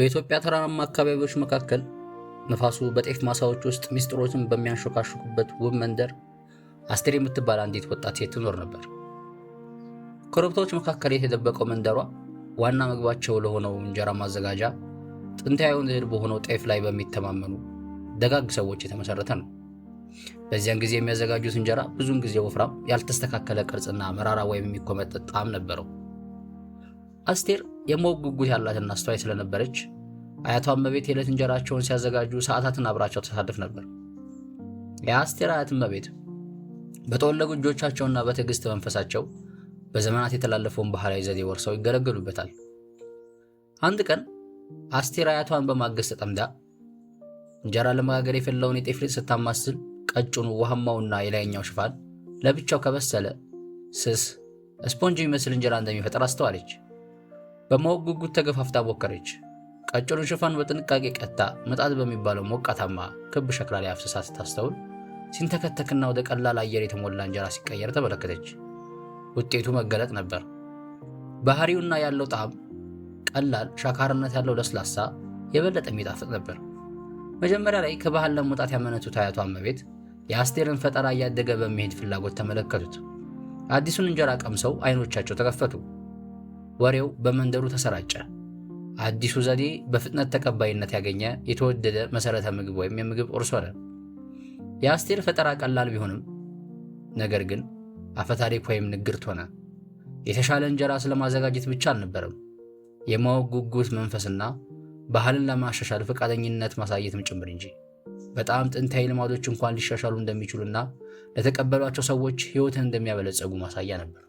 በኢትዮጵያ ተራራማ አካባቢዎች መካከል ነፋሱ በጤፍ ማሳዎች ውስጥ ሚስጥሮችን በሚያንሾካሹኩበት ውብ መንደር አስቴር የምትባል አንዲት ወጣት ሴት ትኖር ነበር። ኮረብታዎች መካከል የተደበቀው መንደሯ ዋና ምግባቸው ለሆነው እንጀራ ማዘጋጃ ጥንታዊውን እህል በሆነው ጤፍ ላይ በሚተማመኑ ደጋግ ሰዎች የተመሰረተ ነው። በዚያን ጊዜ የሚያዘጋጁት እንጀራ ብዙውን ጊዜ ወፍራም፣ ያልተስተካከለ ቅርጽና መራራ ወይም የሚኮመጠጥ ጣዕም ነበረው። አስቴር የማወቅ ጉጉት ያላትና አስተዋይ ስለነበረች አያቷን እመቤት የዕለት እንጀራቸውን ሲያዘጋጁ ሰዓታትን አብራቸው ተሳልፍ ነበር። የአስቴር አያት እመቤት በተወለጉ እጆቻቸውና በትዕግሥት መንፈሳቸው በዘመናት የተላለፈውን ባህላዊ ዘዴ ወርሰው ይገለገሉበታል። አንድ ቀን አስቴር አያቷን በማገዝ ተጠምዳ እንጀራ ለመጋገር የፈላውን የጤፍ ሊጥ ስታማስል ቀጭኑ ውሃማውና የላይኛው ሽፋን ለብቻው ከበሰለ ስስ ስፖንጅ የሚመስል እንጀራ እንደሚፈጠር አስተዋለች። በማወቅ ጉጉት ተገፋፍታ ሞከረች። ቀጭኑ ሽፋን በጥንቃቄ ቀጥታ ምጣድ በሚባለው ሞቃታማ ክብ ሸክላ ላይ አፍስሳ ስታስተውል ሲንተከተክና ወደ ቀላል አየር የተሞላ እንጀራ ሲቀየር ተመለከተች። ውጤቱ መገለጥ ነበር። ባህሪውና ያለው ጣዕም ቀላል ሻካርነት ያለው ለስላሳ የበለጠ የሚጣፍጥ ነበር። መጀመሪያ ላይ ከባህል ለመውጣት ያመነቱት አያቷ እመቤት የአስቴርን ፈጠራ እያደገ በመሄድ ፍላጎት ተመለከቱት። አዲሱን እንጀራ ቀምሰው አይኖቻቸው ተከፈቱ። ወሬው በመንደሩ ተሰራጨ። አዲሱ ዘዴ በፍጥነት ተቀባይነት ያገኘ የተወደደ መሠረተ ምግብ ወይም የምግብ ቁርስ ሆነ። የአስቴር ፈጠራ ቀላል ቢሆንም ነገር ግን አፈታሪክ ወይም ንግርት ሆነ። የተሻለ እንጀራ ስለማዘጋጀት ብቻ አልነበረም፣ የማወቅ ጉጉት መንፈስና ባህልን ለማሻሻል ፈቃደኝነት ማሳየትም ጭምር እንጂ በጣም ጥንታዊ ልማዶች እንኳን ሊሻሻሉ እንደሚችሉና ለተቀበሏቸው ሰዎች ሕይወትን እንደሚያበለጸጉ ማሳያ ነበር።